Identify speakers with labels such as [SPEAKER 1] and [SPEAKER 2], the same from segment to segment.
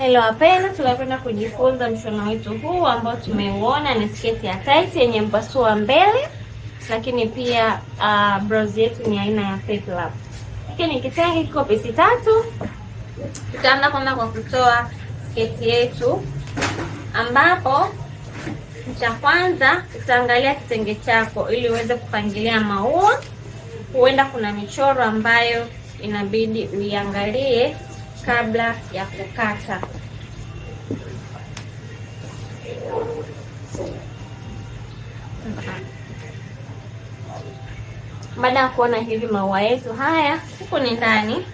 [SPEAKER 1] Hello wapenda, tunakwenda kujifunza mshono wetu huu ambao tumeuona ni sketi ya tight yenye mpasua mbele, lakini pia uh, blouse yetu ni aina ya peplum. Hiki ni kitenge, kiko pesi tatu. Tutaanza kwanza kwa kutoa sketi yetu, ambapo cha kwanza utaangalia kitenge chako ili uweze kupangilia maua. Huenda kuna michoro ambayo inabidi uiangalie kabla ya kukata. Baada ya kuona hivi maua yetu haya, huku ni ndani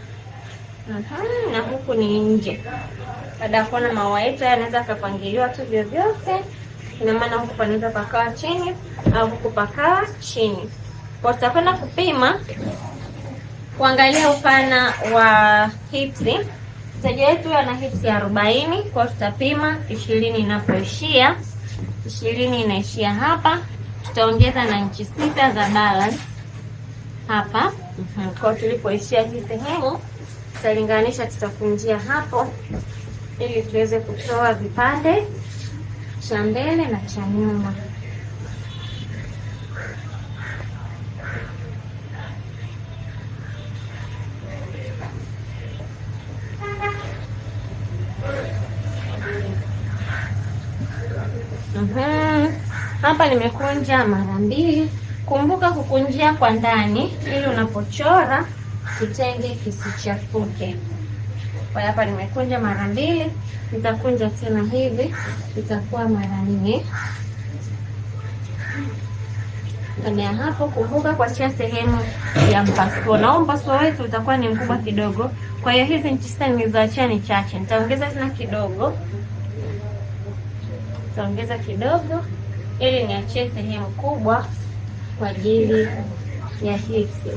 [SPEAKER 1] mhm, na huku ni nje. Baada ya kuona maua yetu haya, anaweza akapangiliwa tu vyovyote. Ina maana huku panaweza pakawa chini au huku pakawa chini, kwa tutakwenda kupima kuangalia upana wa hipsi. Mteja wetu ana hipsi arobaini, kwa tutapima ishirini inapoishia, ishirini inaishia hapa, tutaongeza na inchi sita za balance hapa mhm. kwa tulipoishia hii sehemu tutalinganisha, tutakunjia hapo ili tuweze kutoa vipande cha mbele na cha nyuma. Mm-hmm. Hapa nimekunja mara mbili. Kumbuka kukunjia kwa ndani ili unapochora kitenge kisichafuke. Kwa hapa nimekunja mara mbili, nitakunja tena hivi, itakuwa mara nne. Baada ya hapo, kumbuka kuachia sehemu ya mpasuo, na huo mpasuo wetu utakuwa ni mkubwa kidogo. Kwa hiyo hizi nchi sita nilizoachia ni chache, nitaongeza tena kidogo nitaongeza kidogo ili niachie sehemu kubwa kwa ajili ya hipsi.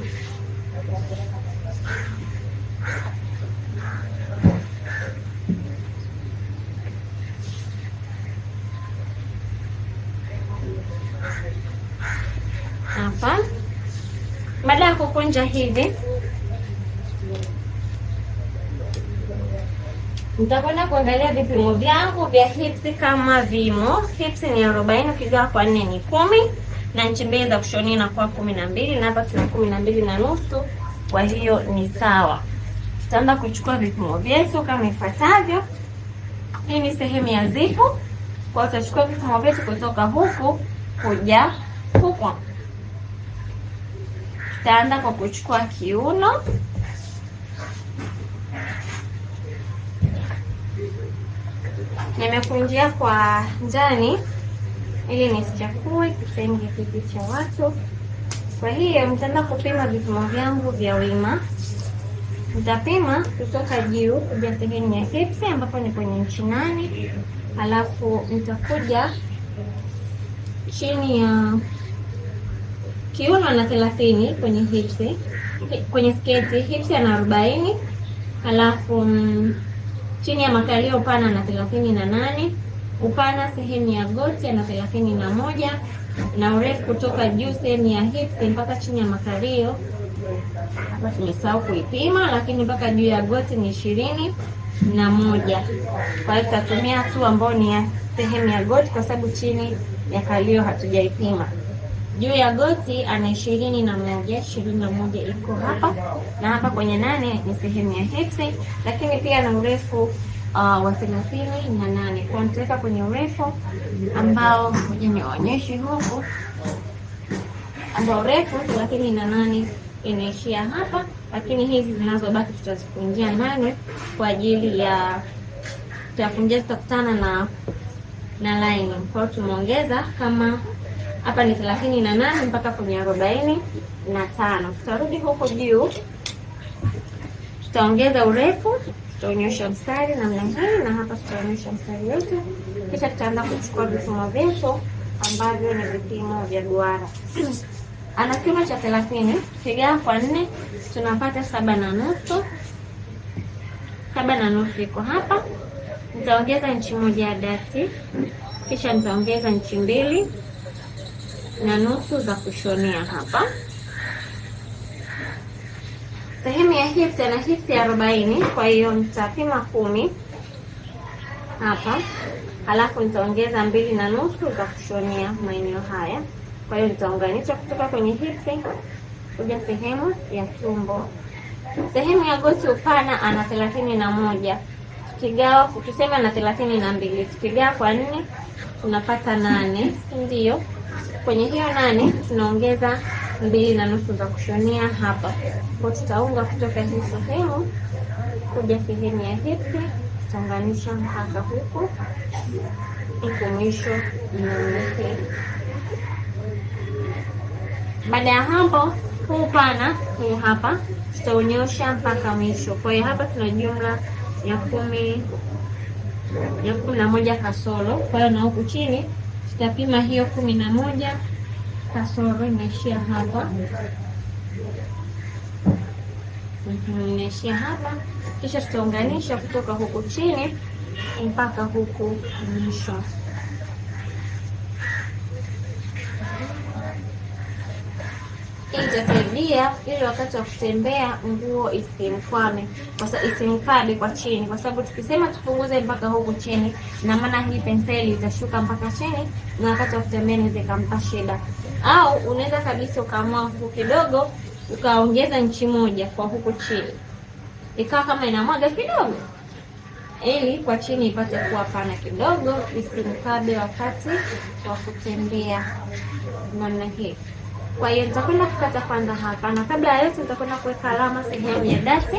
[SPEAKER 1] Hapa baada ya kukunja hivi Mtakwenda kuangalia vipimo vyangu vya hips kama vimo. Hips ni arobaini, ukigawa kwa nne ni kumi, na nchi mbili za kushonia inakuwa kumi na mbili na hapa tuna kumi na mbili na nusu. Kwa hiyo ni sawa. Tutaenda kuchukua vipimo vyetu kama ifuatavyo. Hii ni sehemu ya zipu, kwa tutachukua vipimo vyetu kutoka huku kuja huko. Tutaanza kwa kuchukua kiuno Nimekunjia kwa ndani ili nisichafue kitenge kiti cha watu. Kwa hiyo nitaenda kupima vipimo vyangu vya wima. Nitapima kutoka juu kuja sehemu ya hipsi ambapo ni kwenye inchi nane, alafu nitakuja chini ya kiuno na thelathini kwenye hipsi kwenye sketi hipsi ana arobaini, alafu mm, chini ya makalio upana na thelathini na nane upana sehemu ya goti ana thelathini na moja na urefu kutoka juu sehemu ya hips mpaka chini ya makalio hapa tumesahau kuipima, lakini mpaka juu ya goti ni ishirini na moja. Kwa hiyo tutatumia tu ambayo ni ya sehemu ya goti, kwa sababu chini ya kalio hatujaipima juu ya goti ana ishirini na moja. Ishirini na moja iko hapa na hapa kwenye nane ni sehemu ya hipsi, lakini pia na urefu uh, wa thelathini na nane kwa nitaweka kwenye urefu ambao niwaonyeshe huku, ambao urefu thelathini na nane inaishia hapa, lakini hizi zinazobaki tutazikunjia nane kwa ajili ya tutakunjia, tutakutana na na lining. Kwa hiyo tumeongeza kama hapa ni thelathini na nane mpaka kwenye arobaini na tano tutarudi huko juu, tutaongeza urefu, tutaonyesha mstari namna hii, na hapa tutaonyesha mstari wetu, kisha tutaanza kuchukua vipimo vyetu ambavyo ni vipimo vya duara. Ana kimo cha thelathini, tukigawa kwa nne tunapata saba na nusu. Saba na nusu iko hapa, nitaongeza nchi moja ya dati, kisha nitaongeza nchi mbili na nusu za kushonea hapa. Sehemu ya hips ana hips ya arobaini, kwa hiyo nitapima kumi hapa, alafu nitaongeza mbili na nusu za kushonea maeneo haya. Kwa hiyo nitaunganisha kutoka kwenye hips kuja sehemu ya tumbo. Sehemu ya goti upana ana thelathini na moja tukigawa tukisema na thelathini na mbili tukigawa kwa nne tunapata nane, ndio? Kwenye hiyo nane tunaongeza mbili na nusu za kushonea hapa, kwa tutaunga kutoka hii sehemu kuja sehemu ya hipi, tutaunganisha mpaka huku huku mwisho nne. Baada ya hapo, huu pana huu hapa tutaunyosha mpaka mwisho. Kwa hiyo hapa tuna jumla ya kumi ya kumi na moja kasoro, kwa hiyo na huku chini Tutapima hiyo kumi na moja kasoro inaishia hapa, mhm, inaishia hapa, kisha tutaunganisha kutoka huku chini mpaka huku mwisho pia ili wakati wa kutembea nguo isimkwame, isimkwabe kwa chini, kwa sababu tukisema tupunguze mpaka huku chini, na maana hii penseli itashuka mpaka chini, na wakati wa kutembea inaweza ikampa shida. Au unaweza kabisa ukaamua huku kidogo ukaongeza nchi moja kwa huku chini, ikawa kama inamwaga kidogo, ili kwa chini ipate kuwa pana kidogo, isimkabe wakati wa kutembea namna hii. Kwa hiyo nitakwenda kukata kwanza hapa, na kabla ya yote nitakwenda kuweka alama sehemu ya dati,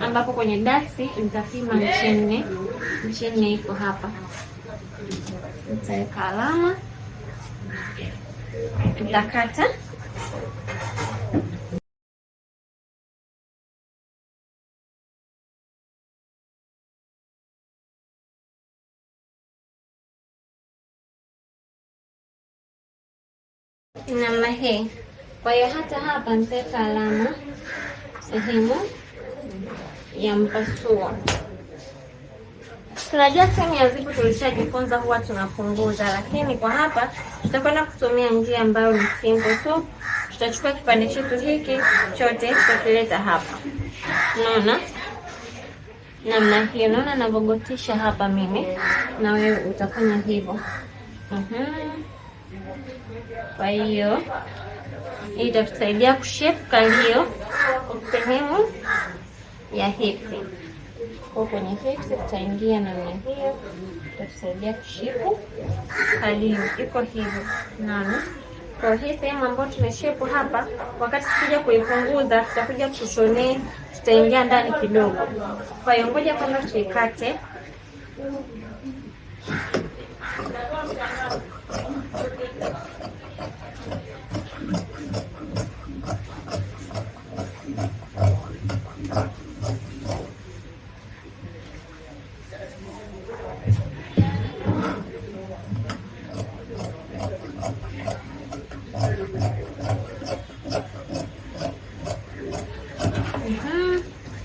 [SPEAKER 1] ambapo kwenye dati nitapima nchi nne. Nchi nne iko hapa, nitaweka alama, nitakata namna hii. Kwa hiyo hata hapa nitaweka alama sehemu ya mpasuo. Tunajua sehemu ya zipu tulishajifunza huwa tunapunguza, lakini kwa hapa tutakwenda kutumia njia ambayo ni simple tu. Tutachukua kipande chetu hiki chote tutakileta hapa, unaona namna hiyo. Unaona navogotisha hapa mimi, na wewe utafanya hivyo. uh mhm. -huh. Kwa hiyo hii itatusaidia kushape hiyo sehemu ya hips. Kwa kwenye hips tutaingia na hiyo, itatusaidia kushape hali iko hivyo nani kwa hii sehemu ambayo tumeshepu hapa, wakati tukija kuipunguza, tutakuja kushonea, tutaingia ndani kidogo. Kwa hiyo ngoja kwanza tuikate.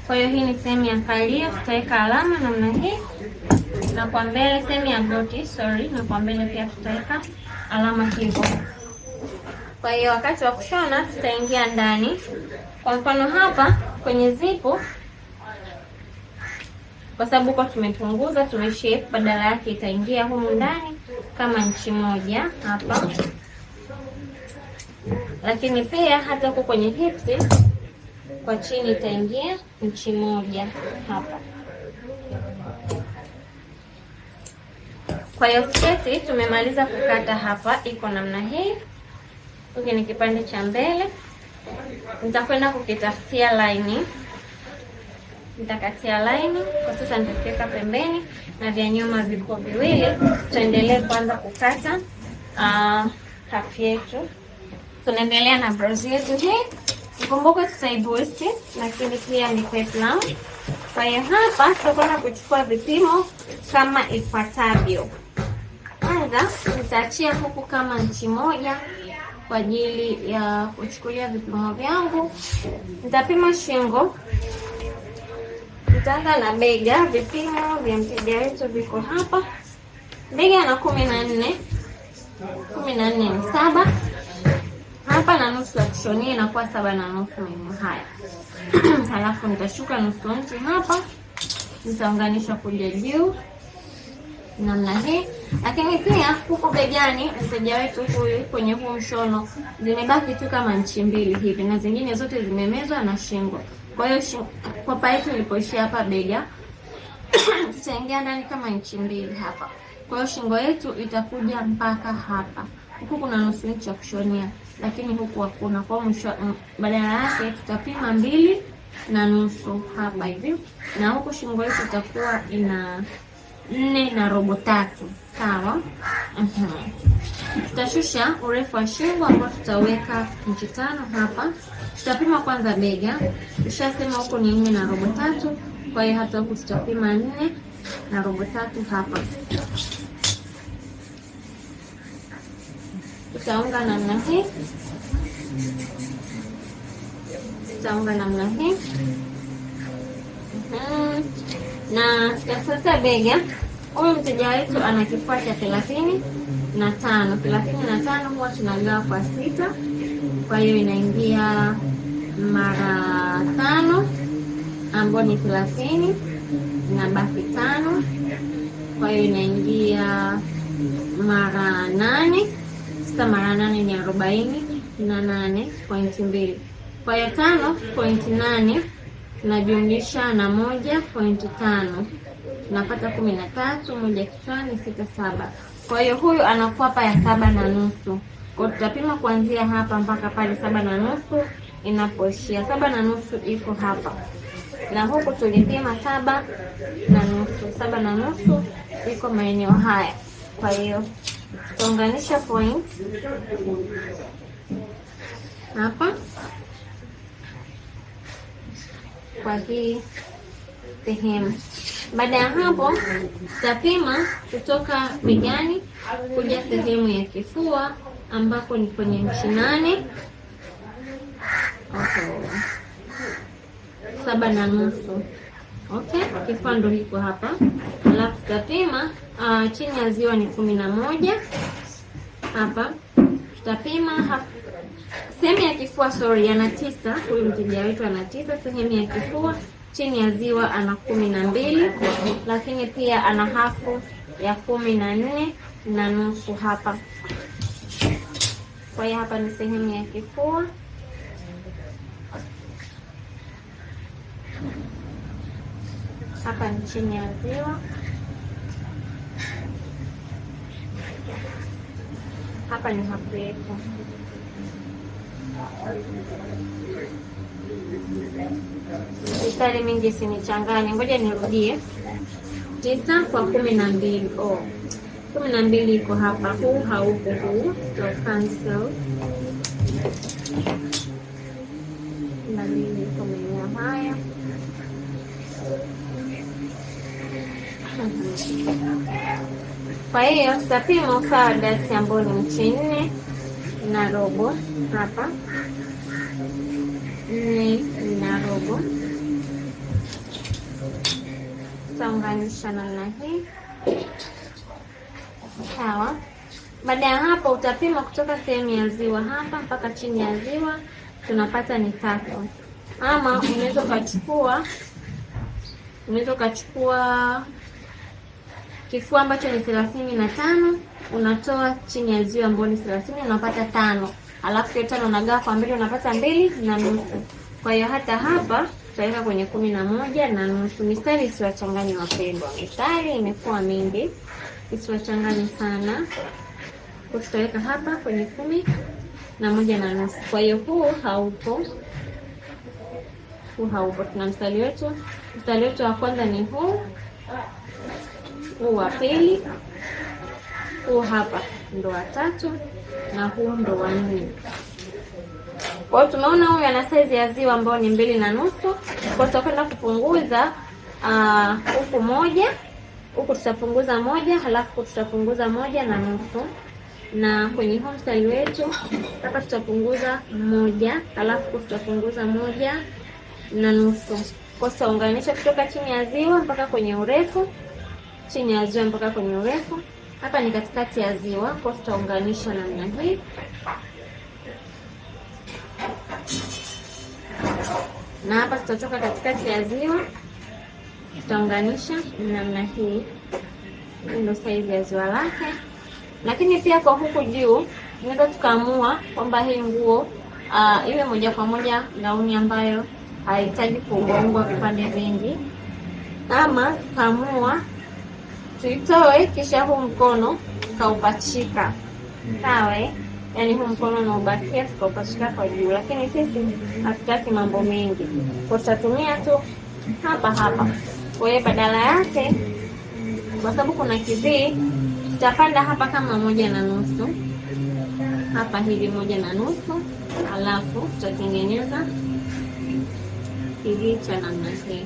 [SPEAKER 1] Kwa hiyo hii ni sehemu ya kalia, tutaweka alama namna hii, na kwa mbele sehemu ya goti, sorry, na kwa mbele pia tutaweka alama hivyo. Kwa hiyo wakati wa kushona tutaingia ndani. Kwa mfano hapa kwenye zipu, kwa sababu huko tumepunguza, tumeshape, badala yake itaingia humu ndani kama nchi moja hapa, lakini pia hata huko kwenye hips kwa chini itaingia nchi moja hapa. Kwa hiyo sketi tumemaliza kukata hapa, iko namna hii. Hiki ni kipande cha mbele, nitakwenda kukitafutia laini, nitakatia laini kwa sasa, nitakiweka pembeni na vya nyuma viko viwili. Tuendelee kwanza kukata uh, yetu, tunaendelea na brozi yetu hii Mkumbuke tutaibusti lakini pia ni peplum. Kwa hiyo hapa tutakwenda kuchukua vipimo kama ifuatavyo. Kwanza nitaachia huku kama nchi moja kwa ajili ya kuchukulia vipimo vyangu. Nitapima shingo, nitaanza na bega. Vipimo vya mteja wetu viko hapa, bega na kumi na nne, kumi na nne ni saba hapa na nusu ya kushonia inakuwa saba na nusu mimi. haya. Halafu nitashuka nusu nchi hapa, nitaunganisha kuja juu namna hii. Lakini pia huku begani, mteja wetu huyu kwenye huu mshono zimebaki tu kama nchi mbili hivi, na zingine zote zimemezwa na shingo. Kwa hiyo kwapa yetu ilipoishia hapa bega tutaingia ndani kama nchi mbili hapa. Kwa hiyo shingo yetu itakuja mpaka hapa. Huku kuna nusu nchi ya kushonia lakini huku hakuna. Kwa mwisho, badala yake tutapima mbili na nusu hapa hivi, na huku shingo yetu itakuwa ina nne na robo tatu. Sawa, mhm. tutashusha urefu wa shingo ambao tutaweka inchi tano hapa. Tutapima kwanza bega, tushasema huku ni nne na robo tatu, kwa hiyo hata huku tutapima nne na robo tatu hapa. utaunga namna hii, utaunga namna hii na tutafuta bega. Huyu mteja wetu ana kifua cha thelathini na tano. Thelathini na tano huwa tunagawa kwa sita, kwa hiyo inaingia mara tano ambayo ni thelathini na baki tano, kwa hiyo inaingia mara nane sita mara nane ni arobaini na nane pointi mbili. Kwa ya tano pointi nane tunajumlisha na moja pointi tano tunapata kumi na tatu, moja kichwani, sita saba. Kwa hiyo huyu anakuwa pa ya saba na nusu. Kwa tutapima kuanzia hapa mpaka pale saba na nusu inapoishia. Saba na nusu iko hapa na huku tulipima saba na nusu. Saba na nusu iko maeneo haya, kwa hiyo Tuunganisha point hapa kwa hii sehemu. Baada ya hapo, tapima kutoka begani kuja sehemu ya kifua ambapo ni kwenye nchi nane saba na nusu okay. Kifua ndo hiko hapa, alafu tapima uh, chini ya ziwa ni kumi na moja. Hapa tutapima sehemu ya kifua, sorry, ana tisa. Huyu mteja wetu ana tisa sehemu ya kifua, chini ya ziwa ana kumi na mbili, lakini pia ana hafu ya kumi na nne na nusu hapa. Kwa hiyo hapa ni sehemu ya kifua. Hapa ni chini ya ziwa. Hapa ni hapo yetu. Mistari mingi sinichanganye, ngoja nirudie. Tisa kwa kumi na mbili. Oh, kumi na mbili iko hapa. Huu haupo, huu cancel Kwa hiyo tutapima usawa wa ambao ni nchi nne na robo hapa nne na robo tutaunganisha namna hii, sawa. Baada ya hapo utapima kutoka sehemu ya ziwa hapa mpaka chini ya ziwa, tunapata ni tatu, ama unaweza ukachukua unaweza ukachukua kifua ambacho ni thelathini na tano unatoa chini ya ziwa ambao ni thelathini unapata tano alafu hiyo tano unagawa kwa mbili unapata mbili na nusu. Kwa hiyo hata hapa tutaweka kwenye kumi na moja na nusu. Mistari isiwachanganye wapendwa, mistari imekuwa mingi, isiwachanganye sana. Kwa tutaweka hapa kwenye kumi na moja na nusu. Kwa hiyo huu haupo, huu haupo. Tuna mstari wetu, mstari wetu wa kwanza ni huu huu wa pili, huu hapa ndo wa tatu na huu ndo wa nne. Kwa hiyo tumeona huyu ana saizi ya ziwa ambayo ni mbili na nusu. Kwa tutakwenda kupunguza ah, huku uh, moja huku tutapunguza moja, halafu tutapunguza moja na nusu, na kwenye huu wetu hapa tutapunguza moja, halafu tutapunguza moja na nusu. Kwa tutaunganisha kutoka chini ya ziwa mpaka kwenye urefu chini ya ziwa mpaka kwenye urefu. Hapa ni katikati ya ziwa, kwa tutaunganisha namna hii. Na hapa tutatoka katikati ya ziwa, tutaunganisha namna hii. Ndio saizi ya ziwa lake. Lakini pia kwa huku juu tunaweza tukaamua kwamba hii nguo uh, iwe moja kwa moja gauni ambayo haihitaji kuungwaungwa vipande vingi, ama tukaamua tuitoe, kisha huu mkono kaupachika mm. ah, sawa eh? Yani huu mkono unaubakia tukaupachika kwa juu, lakini sisi hatutaki mambo mengi, kwa tutatumia tu hapa hapa. Kwa hiyo badala yake, kwa sababu kuna kizii, tutapanda hapa kama moja na nusu hapa hivi moja na nusu, alafu tutatengeneza kizii cha namna hii.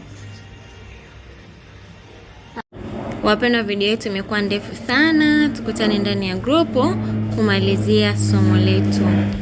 [SPEAKER 1] Wapendwa, video yetu imekuwa ndefu sana, tukutane ndani ya grupu kumalizia somo letu.